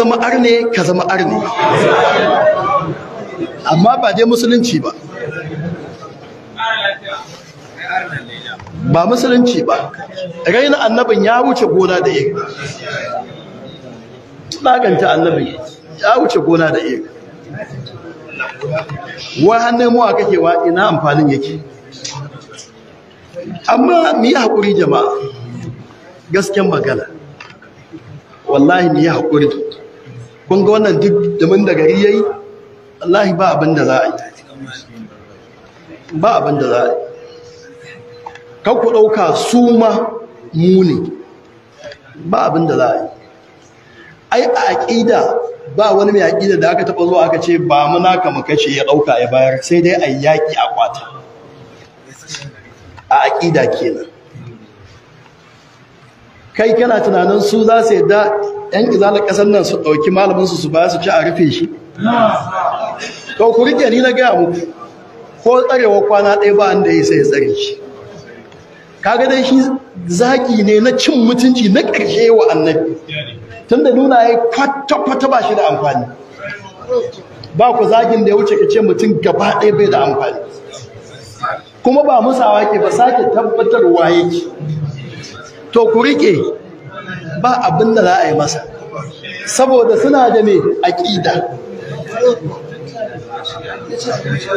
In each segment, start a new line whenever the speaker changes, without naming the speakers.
zama arne ka zama arne amma ba dai musulunci ba ba musulunci ba raina annabin ya wuce gona da iri tsaganta annabin ya wuce gona da iri wa hannun mu kake kakewa ina amfanin yake amma mu yi haƙuri jama'a gasken magana wallahi mu yi haƙuri kun ga wannan duk domin da gari yayi wallahi ba abin da za a yi ba abin da za a yi kan ku ɗauka su ma muni ba abin da za a yi ai a aƙida ba wani mai aƙida da aka taɓa zuwa aka ce ba muna kama kashe ya ɗauka ya bayar sai dai a yaƙi a kwata a aƙida kenan kai kana tunanin su za su yadda yan izalar ƙasar nan su ɗauki malaminsu su ba su ci a rufe shi to ku rike ni na gaya muku ko tsarewa kwana ɗaya ba da ya sai tsare shi kaga dai shi zaki ne na cin mutunci na ƙarshe wa annabi tunda nuna ya kwata-kwata ba shi da amfani ba ku zagin da ya wuce kace mutum gaba ɗaya bai da amfani kuma ba musawa ke ba sake tabbatar waye. to ku rike ba abin da za a yi masa saboda suna da mai aƙida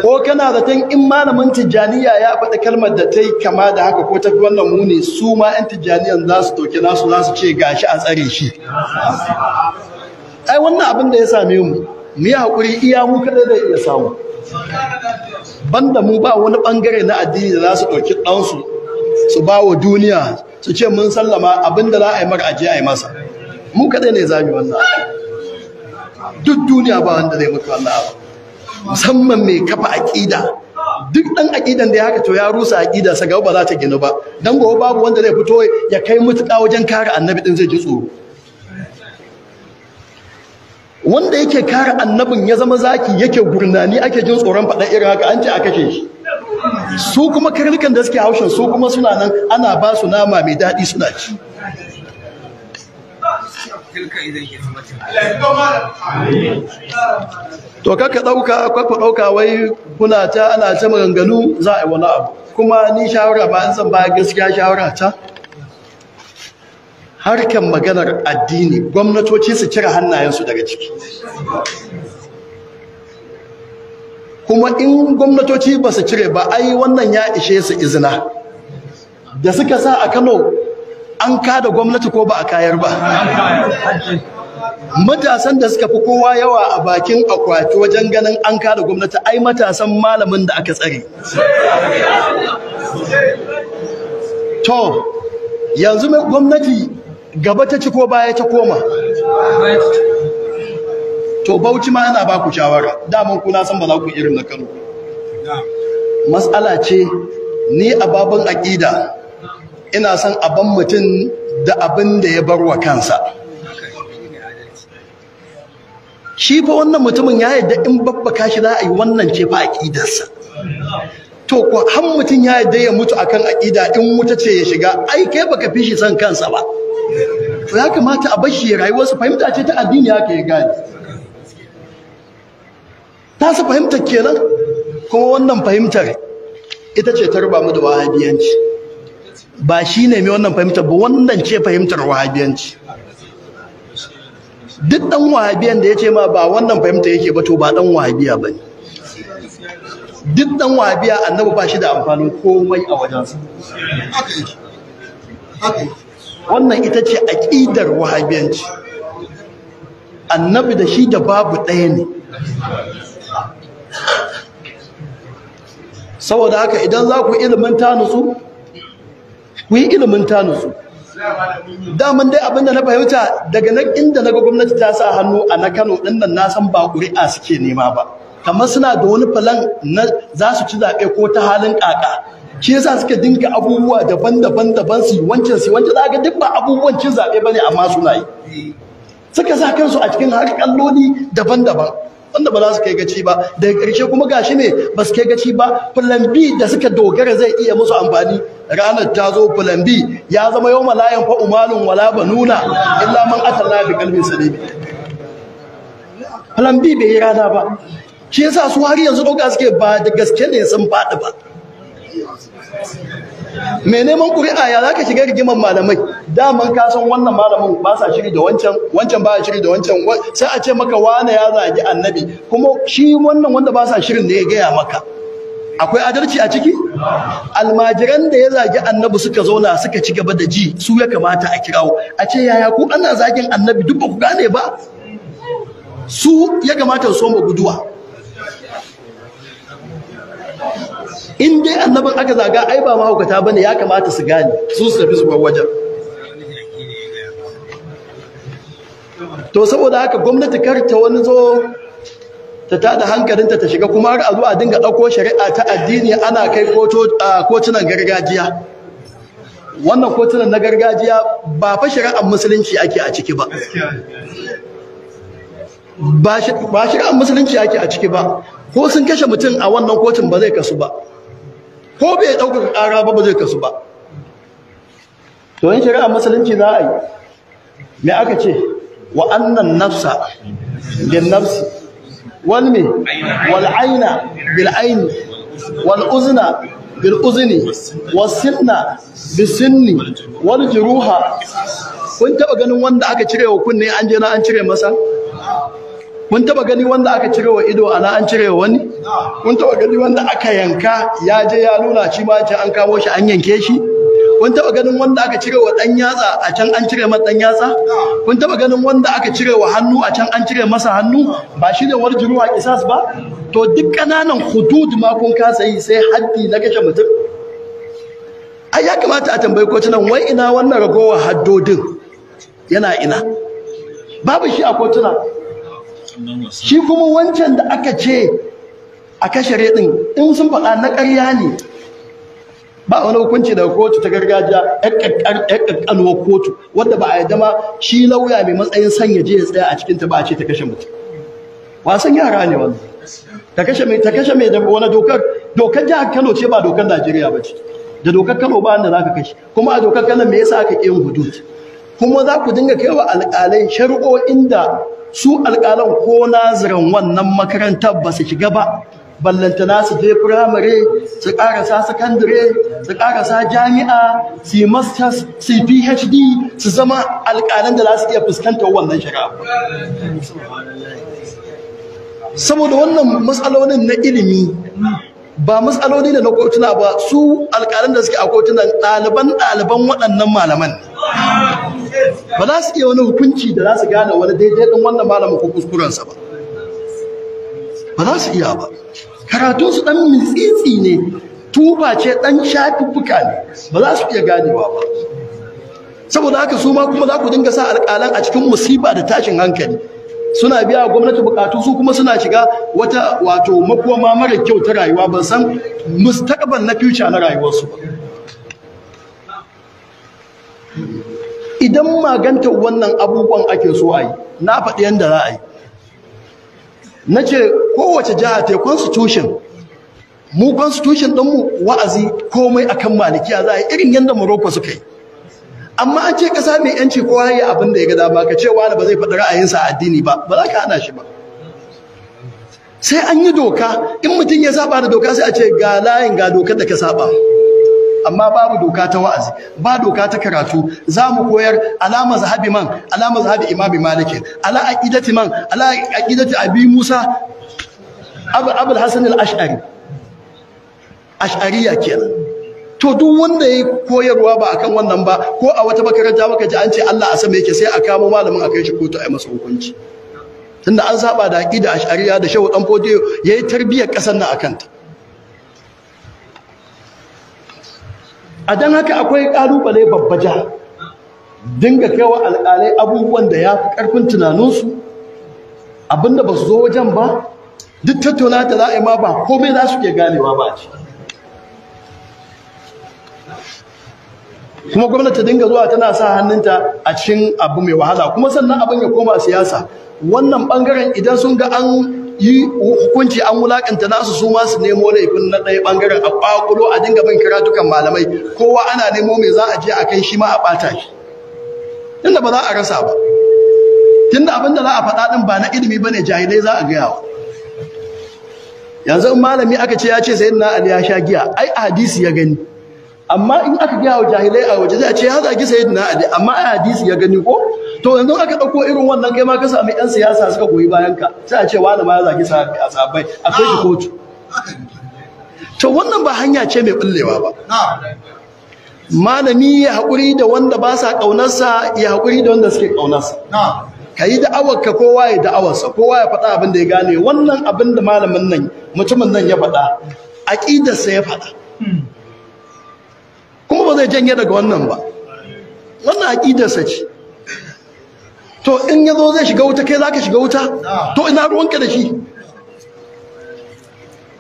ko kana zaton in malamin tijjaniya ya faɗi kalmar da ta yi kama da haka ko tafi wannan muni su ma 'yan tijjaniyan za su ɗauki nasu za su ce gashi a tsare shi ai wannan abin da ya same mu mu yi haƙuri iya mu kada da iya samu banda mu ba wani ɓangare na addini da za su ɗauki ɗansu su ba wa duniya su ce mun sallama abinda za a yi mara a yi masa mu kaɗai ne zami wannan duk duniya ba wanda zai mutu wannan abu musamman mai kafa aƙida duk ɗan aƙidan da ya haka to ya rusa aƙida sa gaba ba za ta ginu ba dan gobe babu wanda zai fito ya kai mutuƙa wajen kare annabi ɗin zai ji tsoro wanda yake kare annabin ya zama zaki yake gurnani ake jin tsoron faɗa irin haka an ce a kashe shi su kuma karnukan da suke haushin su kuma suna nan ana ba su nama mai daɗi suna ci to kaka ɗauka kwakwa ɗauka wai kuna ta ana ta maganganu za a yi wani abu kuma ni shawara ba an san ba gaskiya shawara ta harkan maganar addini gwamnatoci su cire hannayensu daga ciki kuma in gwamnatoci ba su cire ba ai wannan ya ishe su izina da suka sa a kano an kada gwamnati ko ba a kayar ba matasan da suka fi kowa yawa a bakin akwati wajen ganin an kada gwamnati ai matasan malamin da aka tsare to yanzu gwamnati gaba ta ci ko baya ta koma to bauchi ma yana ba ku shawara daman kuna san ba za ku irin na kano matsala ce ni a babin aƙida ina son aban mutum da abin da ya bar wa kansa shi fa wannan mutumin ya yadda in babba kashi za a yi wannan ce fa aƙidarsa to ko har mutum ya yadda ya mutu akan aƙida in wuta ce ya shiga ai kai baka fi shi son kansa ba to ya kamata a bar shi rayuwarsa fahimta ce ta addini haka ya gani. tasa fahimtar kenan kuma wannan fahimtar ita ce ta ruba mu da wahabiyanci ba shi ne mai wannan fahimtar ba wannan ce fahimtar wahabiyanci duk dan wahabiyan da ya ce ma ba wannan fahimta yake ba to ba dan wahabiya ba ne duk dan wahabiya annabi ba shi da amfanin komai a wajensa wannan ita ce aƙidar wahabiyanci annabi da shi da babu ɗaya ne saboda haka idan za ku ilimin ta nutsu ku yi ilimin ta nutsu daman dai abinda na fahimta daga nan inda na ga gwamnati ta sa hannu a na kano ɗin nan na san ba ƙuri'a suke nema ba kamar suna da wani falan na za su ci zaɓe ko ta halin ƙaƙa Ke sa suka dinka abubuwa daban-daban daban su wancan su wancan za ga duk ba abubuwan cin zaɓe ba ne amma suna yi suka sa kansu a cikin harkar kalloli daban-daban wanda ba za su kai gaci ba daga ƙarshe kuma gashi ne ba su kai gaci ba plan B da suka dogara zai iya musu amfani ranar ta zo plan B ya zama yau malayan fa umalun wala banuna illa man atalla bi qalbin salim plan B bai yi rana ba shi yasa su har yanzu ɗauka suke ba da gaske ne sun faɗi ba mai neman ƙuri'a ya za ka shiga rigimar malamai damar kasan wannan malamin ba sa shiri da wancan wancan ba shiri da wancan sai a ce maka wane ya zagi annabi kuma shi wannan wanda ba sa shirin ne ya gaya maka akwai adalci a ciki almajiran da ya zagi annabi suka zauna suka ci gaba da ji su ya kamata a kirawo a ce yaya ku ana zagin annabi duk ba ku gane ba su ya kamata su soma guduwa in dai annabin aka zaga ai ba mahaukata bane ya kamata su gane su su tafi su bar wajen to saboda haka gwamnati kar ta wani zo ta tada hankalinta ta shiga kuma har a zuwa dinga ɗauko shari'a ta addini ana kai kotunan gargajiya wannan kotunan na gargajiya ba fa shari'ar musulunci ake a ciki ba ba shari'ar musulunci ake a ciki ba ko sun kashe mutum a wannan kotun ba zai kasu ba ko bai ɗaukaka ƙara ba ba zai kasu ba to in shari'a musulunci za a yi me aka ce wa annan nafsa bin nafsi wal me wal aina bil aini wal uzna bil uzni was sinna bis sinni wal juruha kun taɓa ganin wanda aka cire wa kunne an je na an cire masa kun taba gani wanda aka cire wa ido ana an cire wa wani kun taba gani wanda aka yanka ya je ya nuna shi ma can an kawo shi an yanke shi kun taba ganin wanda aka cire wa dan yatsa a can an cire masa dan yatsa kun taba ganin wanda aka cire wa hannu a can an cire masa hannu ba shi ne warjiru a kisas ba to duk kananan hudud ma kun kasa yi sai haddi na kashe mutum ai ya kamata a tambayi kotunan wai ina wannan ragowar haddodin yana ina babu shi a kotuna shi kuma wancan da aka ce a kashe ɗin in sun faɗa na ƙarya ne ba wani hukunci daga kotu ta gargajiya ƙaƙƙalwar kotu wadda ba a yi dama shi lauya mai matsayin sanya je ya tsaya a ta ba ce ta kashe mutum wasan yara ne wani ta kashe mai ta kashe mai wani dokar dokar jihar kano ce ba dokar najeriya ba ce da dokar kano ba wanda za ka kashe kuma a dokar kano me yasa aka ƙi yin hudud kuma za ku dinga wa alƙalai shari'o'in da su alƙalan ko nazarin wannan makarantar ba su shiga ba ballantana su je firamare su ƙarasa sakandare su ƙarasa jami'a su yi masters su phd su zama alƙalan da za su iya fuskantar wannan shari'a saboda wannan matsalolin na ilimi ba matsaloli da na kotuna ba su alƙalan da suke a kotunan ɗaliban ɗaliban waɗannan malaman ba za su iya wani hukunci da za su gane wani daidai ɗin wannan malamin ko kuskurensa ba ba za su iya ba karatun su ɗan mitsitsi ne tuba ce ɗan shafi buka ne ba za su iya ganewa ba saboda haka su ma kuma za ku dinga sa alƙalan a cikin musiba da tashin hankali suna biya gwamnati bukatu su kuma suna shiga wata wato makoma mara kyau ta rayuwa ban san mustaqbal na future na rayuwarsu ba idan maganta wannan abubuwan ake so a yi na faɗi yadda za a yi na ce kowace jiha ta constitution mu constitution ɗinmu wa'azi komai akan malikiya za a yi irin yadda morocco suka yi amma an ce ƙasa mai yanci kowa ya abin da ya ga dama ka ce wani ba zai faɗi ra'ayinsa a addini ba ba za ka hana shi ba sai an yi doka in mutum ya saba da doka sai a ce ga layin ga dokar da ka saba amma babu doka ta wa'azi ba doka ta karatu za mu koyar alama zahabi man alama zahabi imami maliki ala aqidati man ala aqidati abi musa abul hasan al-ash'ari ash'ariya kenan to duk wanda ya koyarwa ba akan wannan ba ko a wata makaranta baka ji an ce Allah a sama yake sai a kamo malamin a kai shi kotu a yi masa hukunci tunda an saba da aqida ash'ariya da shehu dan fodiyo yayi tarbiyyar kasar nan akan ta a dan haka akwai kalubale babbaja dinga kaiwa alƙalai abubuwan da ya fi ƙarfin tunaninsu abinda ba su zo wajen ba duk tattauna ta za'a ma ba komai za su ke ganewa ba a ciki kuma gwamnati dinga zuwa tana sa hannunta a cikin abu mai wahala kuma sannan abin ya koma siyasa wannan bangaren idan sun ga an yi hukunci an wulakanta nasu su ma su nemo laifin na ɗaya bangaren a kwakulo a dinga bin karatukan malamai kowa ana nemo mai za a je a kai shi ma a ɓata shi tunda ba za a rasa ba tunda abin da za a faɗa ɗin ba na ilimi ba ne jahilai za a gaya wa yanzu malami aka ce ya ce sayyidina ali ya sha giya ai a hadisi ya gani amma in aka ga wa jahilai a waje zai ce ki zagi sayyidina ali amma a hadisi ya gani ko to yanzu aka dauko irin wannan kai ma ka samu yan siyasa suka goyi bayan ka sai a ce wani ma ya zagi a akwai shi kotu to wannan ba hanya ce mai bullewa ba malami ya haƙuri da wanda ba sa ƙaunarsa ya haƙuri da wanda suke ƙaunarsa ka yi ka kowa ya sa, kowa ya faɗa abin da ya gane wannan abin da malamin nan mutumin nan ya faɗa aƙidarsa ya faɗa zai janye daga wannan ba wannan aƙidarsa ce to in ya zo zai shiga wuta kai za ka shiga wuta to ina ruwanka da shi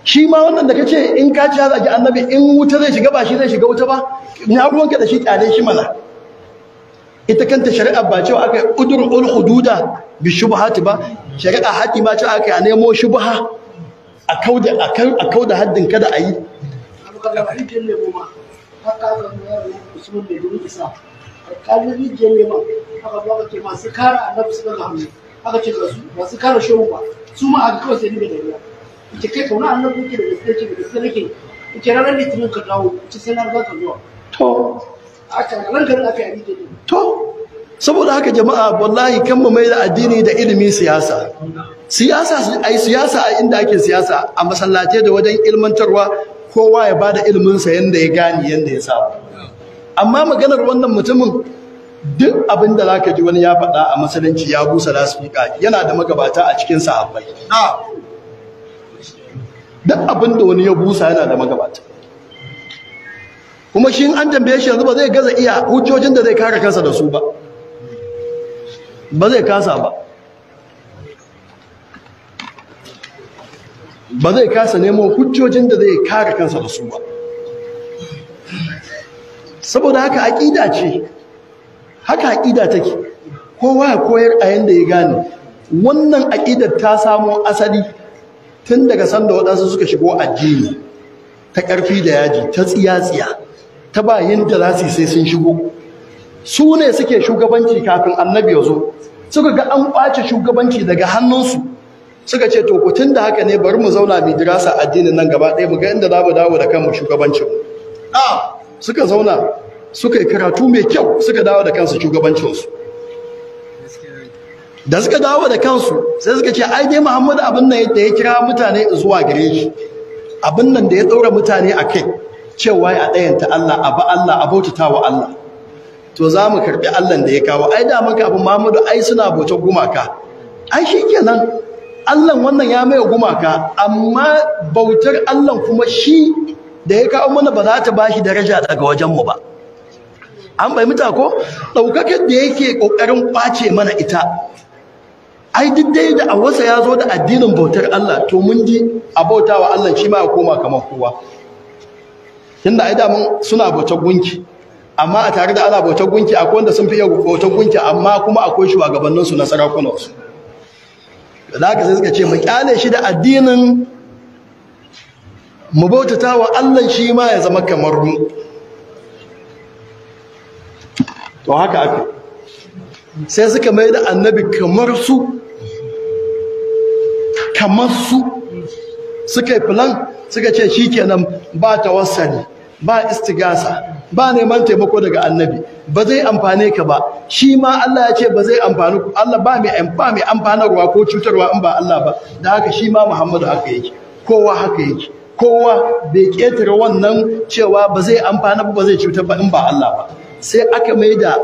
shi ma wannan da ka ce in ka ci ya zagi annabi in wuta zai shiga ba shi zai shiga wuta ba ina ruwanka da shi kyale shi mana ita kanta shari'a ba cewa aka yi udur'ul hududa bi shubhati ba shari'a haƙi ma cewa aka yi a nemo shubha a kauda haddin kada a yi haka aka kuma usman bai gudu isa kalin rijiyar neman aka zo aka ce masu kara annabi su ga hannu aka ce ga su masu kara shehu ba su ma aka kawai sai ni da dariya ita kai kauna annabi ke da gaske ce da gaske nake ita ranar litinin ka dawo ita sai na riga ka zuwa to aka nan garin aka yi rijiyar to saboda haka jama'a wallahi kan mu mai da addini da ilimi siyasa siyasa ai siyasa a inda ake siyasa a masallatai da wajen ilmantarwa kowa ya bada ilminsa yadda ya gani yadda ya sa amma maganar wannan mutumin duk abin da ka ji wani ya faɗa a matsalinci ya busa lasfika yana da magabata a cikin sahabbai duk abin da wani ya busa yana da magabata kuma shi an tambaye shi yanzu ba zai gaza iya hujjojin da zai kare kansa da su ba ba zai kasa ba ba zai kasa nemo hujjojin da zai kare kansa da su ba saboda haka aƙida ce haka aƙida take kowa ya koyar a yanda ya gane wannan aƙidar ta samo asali tun daga sanda waɗansu suka shigo addini ta ƙarfi da yaji ta tsiya-tsiya ta bayin da za su sai sun shigo su ne suke shugabanci kafin annabi ya zo suka ga an kwace shugabanci daga hannunsu suka ce to kutun da haka ne bari mu zauna mu dirasa addinin nan gaba ɗaya mu ga inda za mu dawo da kanmu shugabancin a suka zauna suka yi karatu mai kyau suka dawo da kansu shugabancinsu da suka dawo da kansu sai suka ce ai dai muhammadu abin nan da ya kira mutane zuwa gare shi abin nan da ya ɗaura mutane a kai cewa a ta allah a ba allah a bautata wa allah to za mu karɓi allah da ya kawo ai da muka abin muhammadu ai suna bautar gumaka ai shi kenan Allah wannan ya mai gumaka amma bautar Allah kuma shi da ya kawo mana ba za ta bashi daraja daga wajenmu ba an bai fahimta ko ɗaukakar da yake ƙoƙarin kwace mana ita ai duk dai da awasa ya zo da addinin bautar Allah to mun ji a bautawa Allah shi ma ya koma kamar kowa tunda ai da mun suna bautar gunki amma a tare da ana bautar gunki akwai wanda sun fi iya bautar gunki amma kuma akwai shugabanninsu na sarakunansu da haka sai suka ce mu kyale shi da addinin mu bautata wa Allah shi ma ya zama kamar mu to haka aka sai suka mai da annabi kamar su kamar su suka yi filan suka ce shi kenan ba ta wasani ba istigasa ba neman taimako daga annabi ba zai amfane ka ba shi ma Allah ya ce ba zai amfani ku Allah ba mai ba mai amfanarwa ko cutarwa in ba Allah ba da haka shi ma Muhammadu haka yake kowa haka yake kowa bai ketare wannan cewa ba zai amfana ba zai cutar ba in ba Allah ba sai aka mai da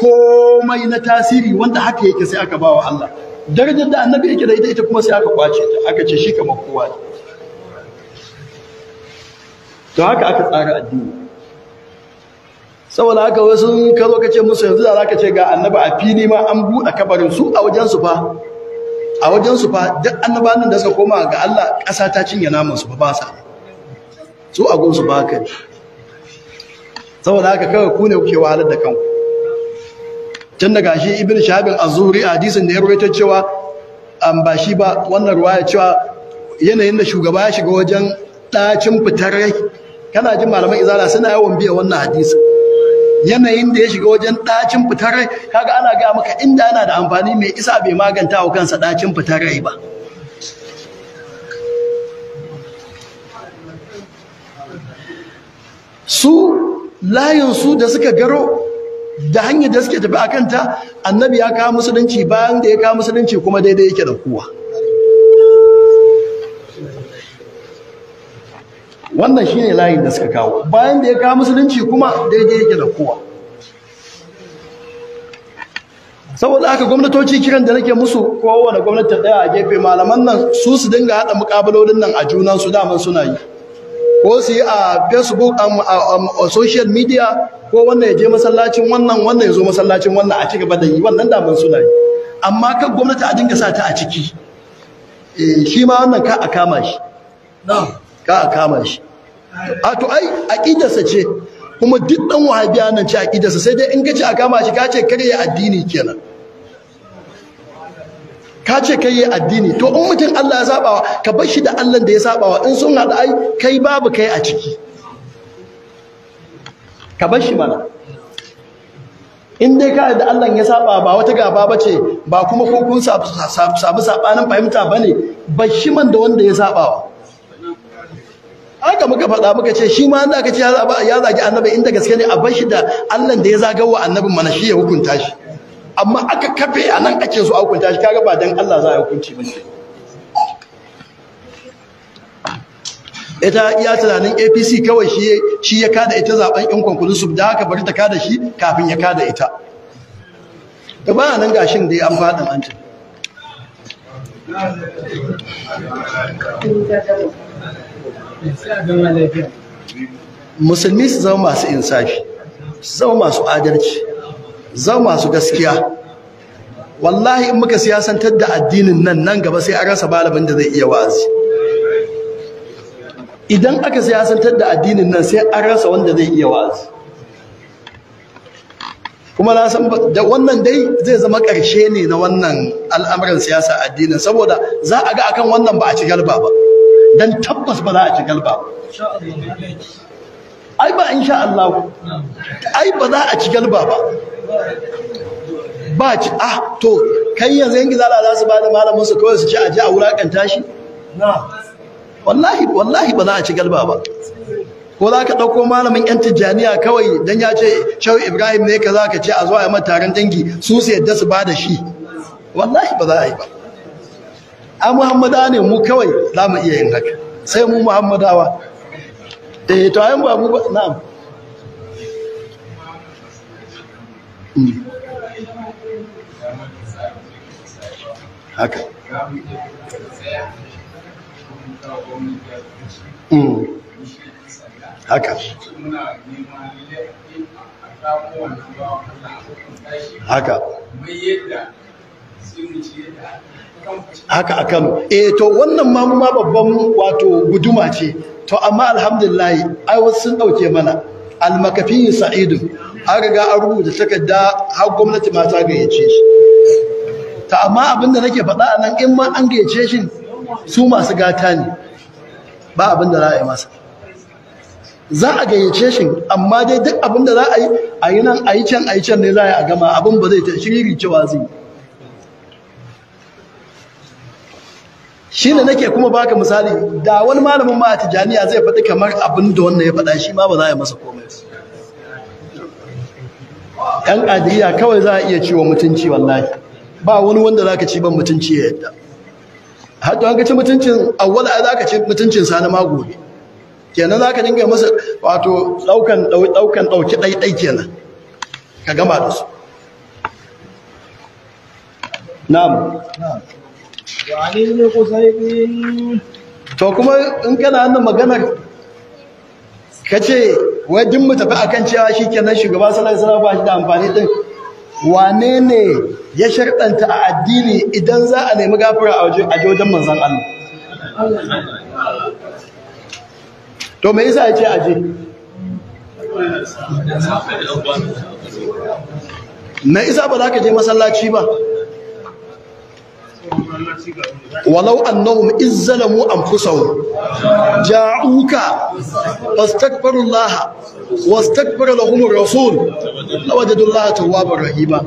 komai na tasiri wanda haka yake sai aka ba wa Allah darajar da annabi yake da ita ita kuma sai aka kwace ta aka ce shi kamar kowa ne to haka aka tsara addini saboda haka wasu ka zo ka ce musu yanzu za ka ce ga annaba a fili ma an buɗe kabarin su a wajen su fa a wajen su fa duk annabanin da suka koma ga Allah ƙasa ta cinye naman su ba ba sa su a gun ba haka saboda haka kawai ku ne kuke wahalar da kanku tun daga shi ibn shahabin azuri a hadisin da ya rawaito cewa an ba shi ba wannan ruwaya cewa yanayin da shugaba ya shiga wajen ɗacin fitar rai kana jin malaman izala suna yawan biya wannan hadisi yanayin da ya shiga wajen ɗacin fitar kaga ana gaya maka inda yana da amfani mai isa bai maganta wa kansa ɗacin fitar ba su layinsu da suka garo da hanyar da suke tafi akanta annabi ya kawo musulunci bayan da ya kawo musulunci kuma daidai yake da kowa wannan shi ne layin da suka kawo bayan da ya kawo musulunci kuma daidai yake da kowa saboda aka gwamnatoci kiran da nake musu kowane gwamnati daya a gefe malaman nan su su dinga haɗa mukabalolin nan a junan su daman suna yi ko su yi a facebook um, um, a social media ko wannan ya je masallacin wannan wannan ya zo masallacin wannan a ci gaba da yi wannan daman suna yi amma kan gwamnati a dinga sa ta a ciki eh, shi ma wannan ka a kama shi na'am ka a kama shi a to ai aqidarsa ce kuma duk dan wahabiya nan ce aqidarsa sai dai in ka ce a kama shi ka ce karye addini kenan ka ce kai addini to in mutum Allah ya sabawa ka bar shi da Allah da ya sabawa in sun hada ai kai babu kai a ciki ka bar shi mana in dai ka da Allah ya saba ba wata gaba ba ce ba kuma ko kun samu sabanin fahimta bane bar shi man da wanda ya sabawa haka muka faɗa muka ce shi ma Allah ka ce ya zagi annabi inda gaske ne a bar shi da Allah da ya zagawa annabin mana shi ya hukunta shi amma aka kafe a nan ake so a hukunta shi kaga ba dan Allah za a hukunci ba ita iya tunanin APC kawai shi shi ya kada ita zaben yan conclusive da haka bari ta kada shi kafin ya kada ita to ba nan gashin dai an faɗin an ta musulmi su zama masu insafi su zama masu adalci zama masu gaskiya wallahi in muka siyasantar da addinin nan nan gaba sai an rasa malamin da zai iya wa'azi idan aka siyasantar da addinin nan sai an rasa wanda zai iya wa'azi kuma na san da wannan dai zai zama ƙarshe ne na wannan al'amuran siyasa addinin saboda za a ga akan wannan ba a ci galba ba dan tabbas ba za a ci galba ai ba insha Allah ai ba za a ci galba ba ba ci ah to kai yanzu yanki zala za su ba da malamin su kawai su ci a ji a wulakanta shi wallahi wallahi ba za a ci galba ba ko za ka ɗauko malamin yan tijjaniya kawai dan ya ce shehu ibrahim ne ka za ka ci a zuwa ya taron dangi su su yadda su ba da shi wallahi ba za a yi ba a muhammada ne mu kawai za mu iya yin haka sai mu muhammadawa eh to ayan babu ba na'am hmm. Hmm. haka haka haka haka akan E, eh, to wannan ma ma babban wato guduma ce to amma alhamdulillah ai wasu sun dauke mana almakafi sa'idu har ga an rubuta takarda har gwamnati ma ta gayyace shi ta amma abin da nake faɗa a nan in ma an gayyace shi su masu gata ne ba abin da za a yi masa za a gayyace shi amma dai duk abin da za a yi a yi nan a yi can a yi can ne za a yi a gama abin ba zai ta shiri cewa zai shi ne nake kuma baka misali da wani malamin ma a tijaniya zai faɗi kamar abin da wannan ya faɗa shi ma ba za a yi masa komai yan ƙadiriya kawai za a iya ciwo mutunci wallahi ba wani wanda za ka ci ban mutunci ya yadda har da ci mutuncin awwal ai za ka ci mutuncin sa na magobe kenan za ka dinga masa wato ɗaukan ɗaukan ɗauki ɗaiɗai kenan ka gama da su na'am to kuma in kana hannun maganar ka ce wajen mu tafi akan cewa shi kenan shugaba sallallahu alaihi ba shi da amfani din wane ne ya sharɗanta a addini idan za a nemi gafara a wajen manzan allu to mai yasa ya ce aje na isa ba za ka je masallaci ba walau annahum izzalamu anfusahum ja'uka fastaghfirullah wastaghfir lahum ar-rasul lawajadullaha tawwabar rahima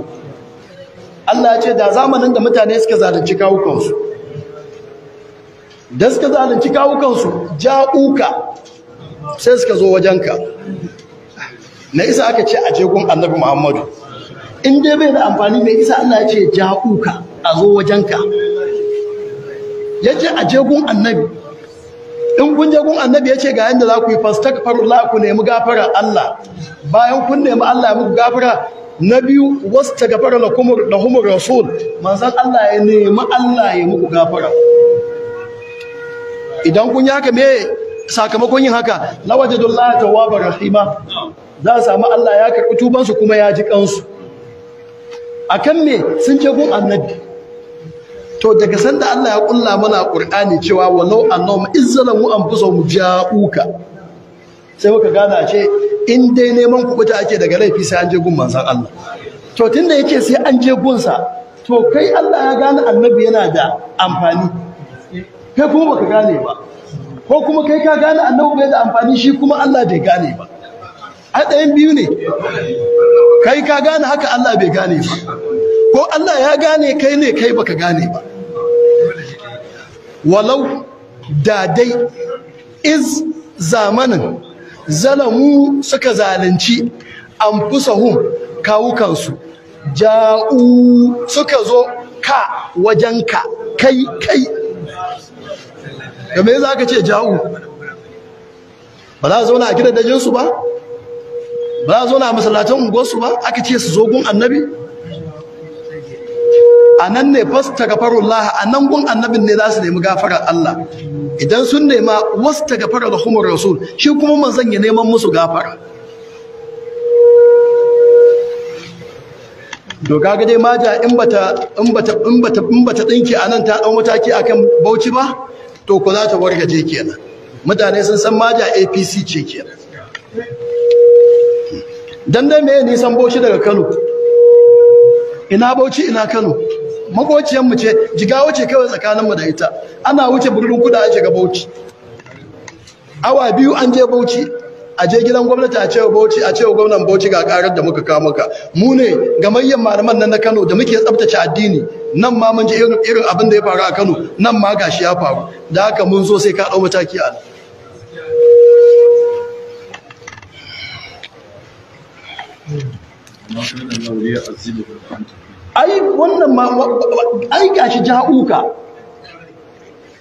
Allah ya ce da zamanin da mutane suka zalunci kawukansu da suka zalunci kawukansu ja'uka sai suka zo wajenka na isa aka ce a jegun annabi muhammadu in dai bai da amfani mai isa Allah ya ce ja'uka a zo wajenka ya ce a jegun annabi in kun jegun annabi ya ce ga yadda za ku yi Allah ku nemi gafara Allah bayan kun nemi Allah ya muku gafara na biyu wasu ta gafara da lahumur rasul manzan Allah ya nemi Allah ya muku gafara idan kun yi haka me sakamakon yin haka lawajadullah tawwabar rahima za a samu Allah ya karɓi tubansu kuma ya ji kansu akan me sun je gun annabi to daga sanda Allah ya kulla mana Qur'ani cewa walau annahum izzalamu anfusahum ja'uka sai muka gane a ce in dai neman kubuta ake daga laifi sai an je gun manzon Allah to tunda yake sai an je gunsa to kai Allah ya gane annabi yana da amfani kai kuma baka gane ba ko kuma kai ka gane annabi bai da amfani shi kuma Allah bai gane ba a biyu ne kai ka gane haka Allah bai gane ba ko Allah ya gane kai ne kai baka gane ba walau da dai iz zamanin zalamu suka zalunci an hun kawukansu ja'u suka zo ka wajen ka kai kai game za ka ce ja'u ba za a zauna a gidan dajinsu ba ba zo na masallatan unguwarsu ba aka ce su zo gun annabi a nan ne fasta gafarullah a nan gun annabin ne za su nemi gafarar Allah idan sun nema wasta gafara da humar rasul shi kuma manzan ya neman musu gafara doka kaga dai maja in bata in bata in bata in bata dinki anan ta dau mataki akan Bauchi ba to ku za ta warga kenan mutane sun san maja APC ce kenan dan dai me san Bauchi daga Kano ina Bauchi ina Kano makociyan mu ce jigawa ce kawai tsakanin mu da ita ana wuce burin kuda ake ga Bauchi awa biyu an je Bauchi a je gidan gwamnati a cewa Bauchi a cewa gwamnan Bauchi ga karar da muka kawo maka mu ne gamayyar malaman nan na Kano da muke tsaftace addini nan ma mun ji irin abin da ya faru a Kano nan ma gashi ya faru da haka mun zo sai ka dau mataki a Allah ai wannan ma ai gashi ja'uka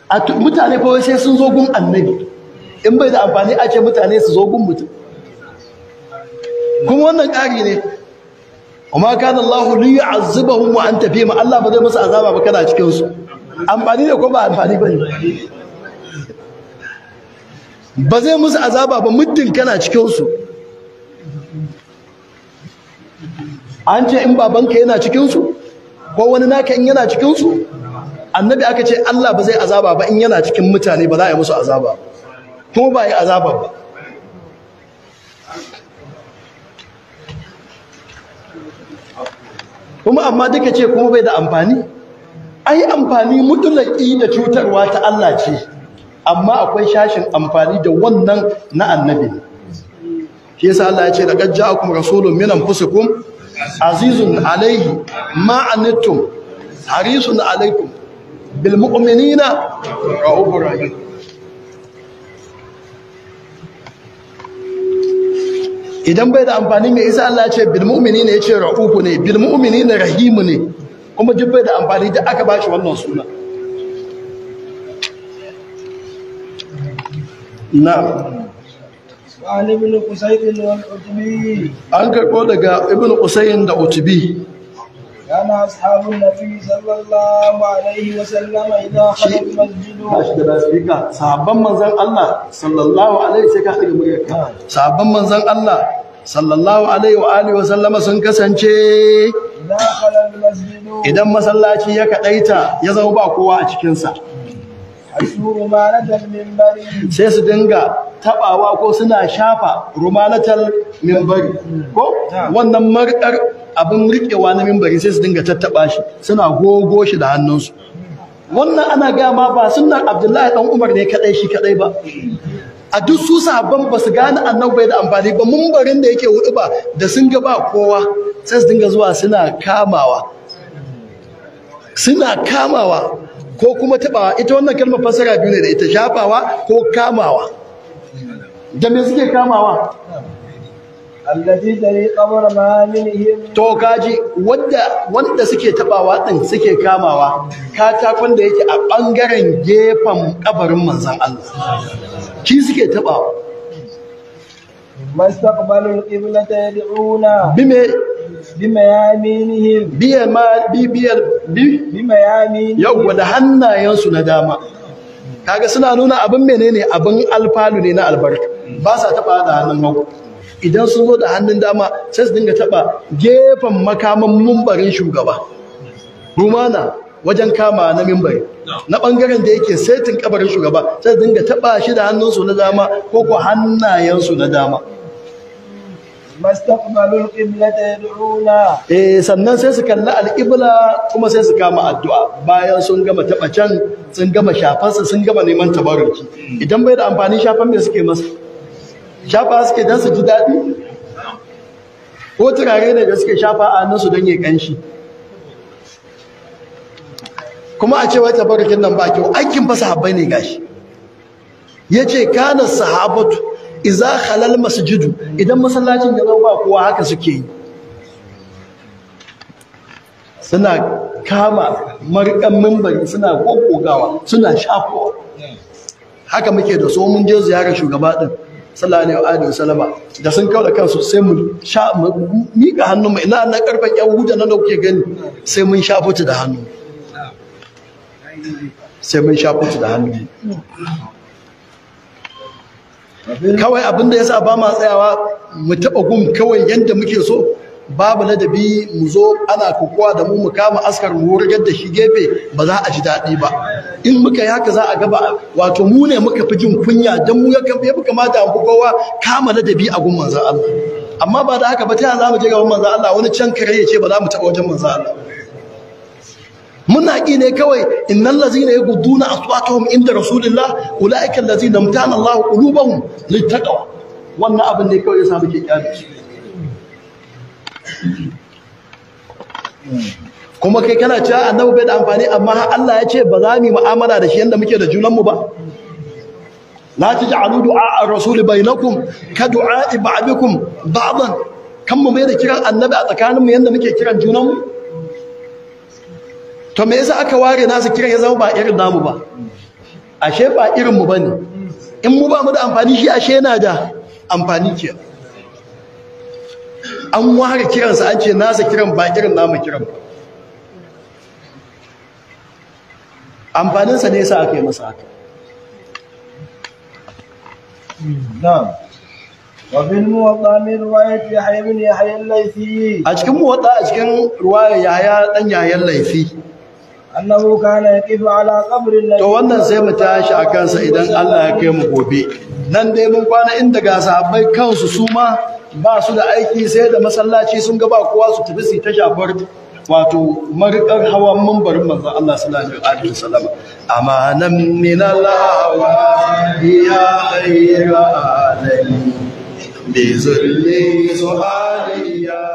a mutane fa sai sun zo gun annabi in bai da amfani a ce mutane su zo gun mutum kuma wannan ƙari ne amma kana Allah li yu'azzibahum wa anta ma. Allah ba zai musu azaba ba kana cikin su amfani ne ko ba amfani ba ba zai musu azaba ba muddin kana cikin su an ce in babanka yana cikinsu ko wani naka in yana cikinsu annabi aka ce Allah ba zai azaba ba in yana cikin mutane ba za a yi musu azaba kuma ba yi azaba ba kuma amma duka ce kuma bai da amfani ai amfani mutulaki da cutarwa ta Allah ce amma akwai shashin amfani da wannan na annabi shi yasa Allah ya ce a ja'akum rasulun min anfusikum azizun alaihi ma anittum harisun alaikum bil mu'minina ra'ufur rahim idan bai da amfani mai isa Allah ya ce bil mu'minina ya ce ra'ubu ne bil mu'minina rahimu ne kuma duk bai da amfani da aka bashi wannan suna na'am an karɓo daga ibn usayin da utubi. kana ashabun nabi sallallahu alaihi wa Allah sallallahu alaihi sai wa alihi sallama sun kasance idan masallaci ya kadaita ya zama ba kowa a cikinsa. sai su dinga tabawa ko suna shafa rumalatal mimbari ko wannan markar abin rikewa na mimbari sai su dinga tattaba shi suna gogo shi da hannunsu wannan ana gama ba sunan abdullahi dan umar ne kadai shi kadai ba a duk su sabon ba su gane annabi bai da amfani ba mumbarin da yake hudu ba da sun ga ba kowa sai su dinga zuwa suna kamawa suna kamawa ko kuma tabawa ita wannan kalmar fasara biyu ne da ita shafawa ko kamawa da me suke kamawa to kaji wanda wanda suke tabawa din suke kamawa katakon da yake a bangaren gefen kabarin manzan Allah ki suke tabawa mastaqbalul qiblata bime bimayaminihim da hannayensu na dama kaga suna nuna abin menene abin alfalu ne na albarka ba sa taba da hannun hagu idan sun zo da hannun dama sai su dinga taba gefen makaman mumbarin shugaba rumana wajen kama na mimbari na bangaren da yake setin kabarin shugaba sai su dinga taba shi da hannunsu na dama ko ko hannayensu na dama mastaqbalul qiblata yad'una eh sannan sai su kalli alqibla kuma sai su kama addu'a bayan sun gama taba can sun gama shafan su sun gama neman tabarruki idan bai da amfani shafan me suke masa shafa suke dan su ji dadi ko turare ne da suke shafa a su don ya kanshi kuma a cewa wai tabarrukin nan ba kyau aikin fa sahabbai ne gashi yace kana sahabatu iza halal masjidu idan masallacin da zama ba kowa haka suke yi suna kama marikan mimbari suna gogogawa suna shafo haka muke da so mun je ziyarar shugaba din sallallahu alaihi wa sallama da sun kawo da kansu sai mu sha mika hannu mu ina na karfan yan huda nan da kuke gani sai mun shafo ta da hannu sai mun shafo ta da hannu kawai abinda sa ba ma tsayawa mu taba gum kawai yadda muke so babu ladabi mu zo ana kokowa da mu mu kama askar mu rigar da shi gefe ba za a ji daɗi ba in muka yi haka za a gaba wato mu ne muka fi jin kunya dan mu ya kamata mu kowa kama ladabi a gun manzo Allah amma ba da haka ba ta za mu je gaban manzo Allah wani can kare ya ce ba za mu taɓa wajen manzo Allah muna ƙi ne kawai ya gudu na aswatuhum inda rasulillah ulaika allazina amtana Allahu qulubahum littaqwa wannan abin ne kawai yasa muke kyale shi kuma kai kana cewa annabi bai da amfani amma Allah ya ce ba za mu mu'amala da shi yadda muke da junanmu ba la taj'alu du'a ar-rasul bainakum ka du'a ba'dikum ba'dan kan mu mai da kiran annabi a tsakaninmu yadda muke kiran junanmu to me yasa aka ware nasu kiran ya zama ba irin namu ba ashe ba irin mu bane in mu ba mu da amfani shi ashe yana da amfani ke an ware kiransa an ce nasa kiran ba irin namu kiran ba amfaninsa ne yasa aka yi masa haka na'am وفي الموطا من رواية يحيى بن يحيى الليثي a cikin ruwa ya يحيى dan yayan laifi. annahu kana yaqifu ala to wannan sai mu tashi a kansa idan Allah ya kai mu gobe nan dai mun kwana inda ga sahabbai kansu su ma ba su da aiki sai da masallaci sun ga ba kowa su tafi su ta shafar wato marikar hawa mambarin manzon Allah sallallahu alaihi wasallam amanan min Allah ya ayyuha alai bi zulmi
suhaliya